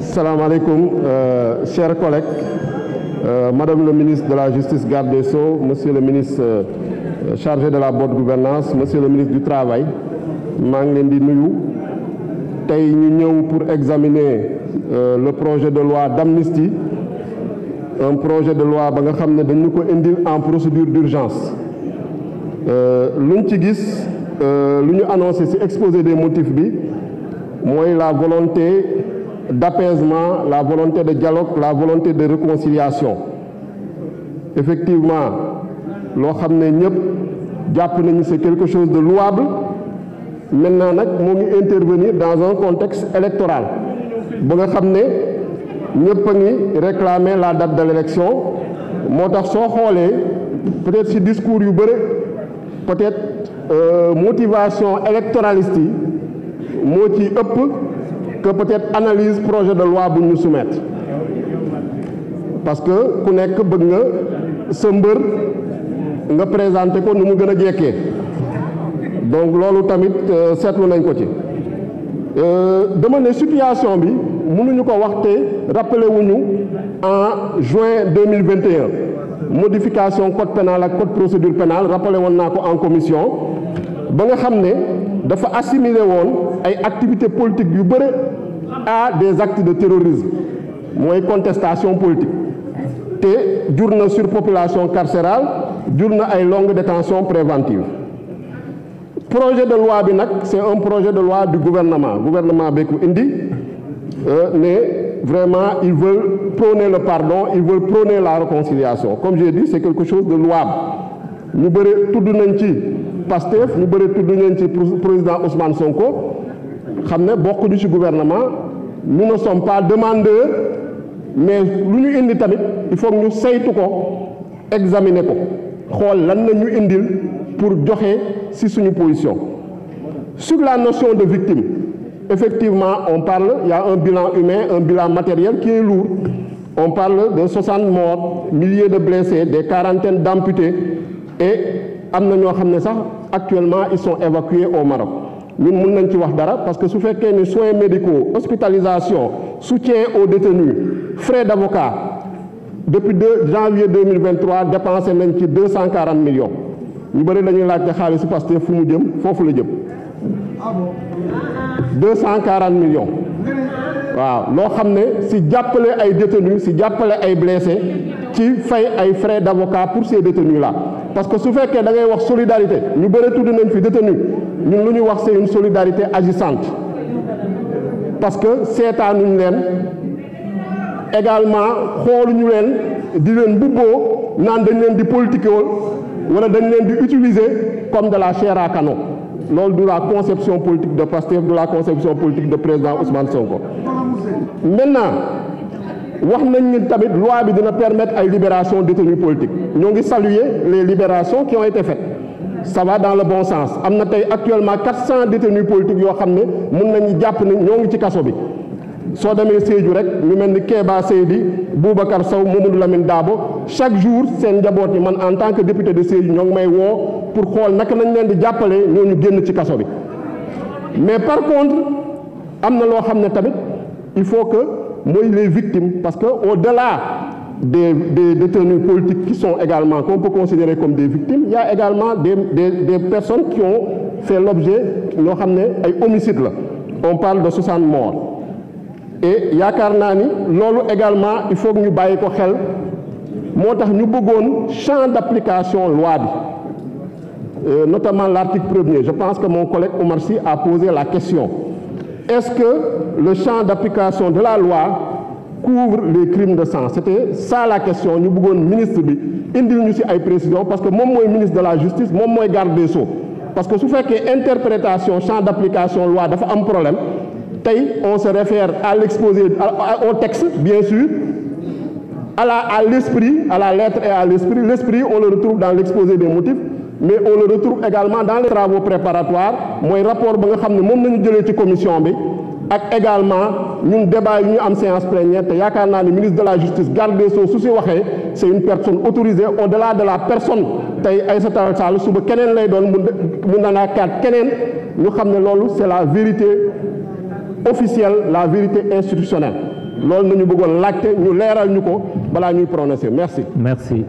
salaamaaleykum euh, cher collègues euh, madame le ministre de la justice garde de Sceaux monsieur le ministre euh, chargé de la bonne gouvernance monsieur le ministre du travail maa ngi leen di nuyu tey ñu ñëw pour examiner euh, le projet de loi d'amnistie un projet de loi ba nga xam ne dañu ko indil en procédure d'urgence euh, luñ ci gis Euh, lu ñu annoncé si exposé des motifs bi mooy la volonté d'apaisement la volonté de dialogue la volonté de réconciliation effectivement loo xam ne ñëpp jàpp nañu c'est quelque chose de louable maintenant nag moo ngi intervenir dans un contexte électoral ba nga xam ne ñëpp a ngi réclamer la date de l'élection moo tax soo xoolee peut-être discours yu bëre peut Euh, motivation électoraliste yi moo ci ëpp que peut-être analyse projet de loi bu ñu soumettre parce que ku nekk bëgg nga sa mbër nga présenter ko nu mu gën a jekkee donc loolu tamit euh, seetlu nañ ko ci euh, dama ne situation bi mënuñu ko waxte te rappelé wuñu en juin deux mille vingt modification code pénal ak code procédure pénale rappelé woon naa ko en commission ba nga xam ne dafa assimilé woon ay activités politiques yu bëre à des actes de terrorisme mooy contestation politique te jur na sur surpopulation carcérale jur na ay longue détention préventive projet de loi bi nag c'est un projet de loi du gouvernement gouvernement beeku indi euh, ne vraiment ils veulent prôner le pardon ils veulent prôner la réconciliation comme j'ai dit c'est quelque chose de louable ñu bëri tudd nañ ci Pastef ñu bëri tudd nañ ci président Ousmane Sonko xam ne bokkuñu ci gouvernement nous ne sommes pas demandeurs mais lu ñu indi tamit il faut ñu saytu ko examiner ko xool lan la ñu indil pour joxe ci suñu position sur la notion de victime effectivement on parle ya un bilan humain un bilan matériel qui est lourd on parle de 60 morts milliers de blessés des quarantaines d'amputés et am na ñoo xam ne sax actuellement ils sont évacués au Maroc ñun mën nañ ci wax dara parce que su fekkee ni soins médicaux hospitalisation soutien aux détenus frais d'avocat depuis 2 janvier 2023 dépensé nañ ci 240 millions ñu bëri dañuy laajte xaalisu Pastef fu mu jëm foofu la jëm 240 ah millions waaw loo xam ne si jàppale ay détenus si jàppale ay blessés ci fay ay frais d'avocat pour ces détenus là parce que su fekkee dangay wax solidarité ñu bëri tudd nañ fi détenu ñun lu ñu wax c'est une solidarité agissante parce que seetaanuñ leen également xooluñu leen di leen mbubboo naan dañu leen di politiquer wala dañ leen di utiliser comme de la chair loolu du la conception politique de Pastef du la conception politique de président Ousmane Sonko maintenant wax nañ ni tamit loi bi dina permettre ay libération détenus politiques ñoo ngi saluer les libérations qui ont été faites ça dans le bon sens am na tey actuellement 400 détenus politiques yoo xam ne mun nañu jàpp ne ñoo ngi ci kaso bi soo demee Sédhiou rek ñu mel ni Kéba saw Boubacar Sow Mamadou Lamine daabo chaque jour seen njaboot yi man en tant que député de Sédhiou ñoo ngi may woo pour xool naka nañ leen di jàppale ñooñu génn ci kaso bi mais par contre am na loo xam ne tamit il faut que mooy les victimes parce que au-delà des des détenus politiques qui sont également qu'on peut considérer comme des victimes il également des des des personnes qui ont fait l'objet loo xam ne ay homicide la on parle de 60 morts et yaakaar naa ni loolu également il faut que ñu bàyyi ko xel moo tax ñu bëggoon champ d'application loi bi euh, notamment l'article premier. Je pense que mon collègue Omar Sy a posé la question. Est-ce que le champ d'application de la loi couvre les crimes de sang c'était ça la question ñu bëggoon ministre bi indil ñu ci ay précisions parce que moom mooy ministre de la justice moom mooy garde des sceaux parce que su fekkee interprétation champ d'application loi dafa am problème tey on se réfère à l'exposé au texte bien sûr à la à l'esprit à la lettre et à l'esprit l'esprit on le retrouve dans mais on le retrouve également dans les travaux préparatoires mooy rapport ba nga xam ne moom la jëlee ci commission bi ak également ñun débat yi ñu am séance plénière te yaakaar naa ne ministre de la justice garde des Sceaux su si waxee c' est une personne autorisée au delà de la personne tey Aïssata Tall suba keneen lay doon mun na naa kaat keneen ñu xam ne loolu c' la vérité officielle la vérité institutionnelle loolu ñu bëggoon laajte ñu leeral ñu ko balaa ñuy prononcé merci. merci.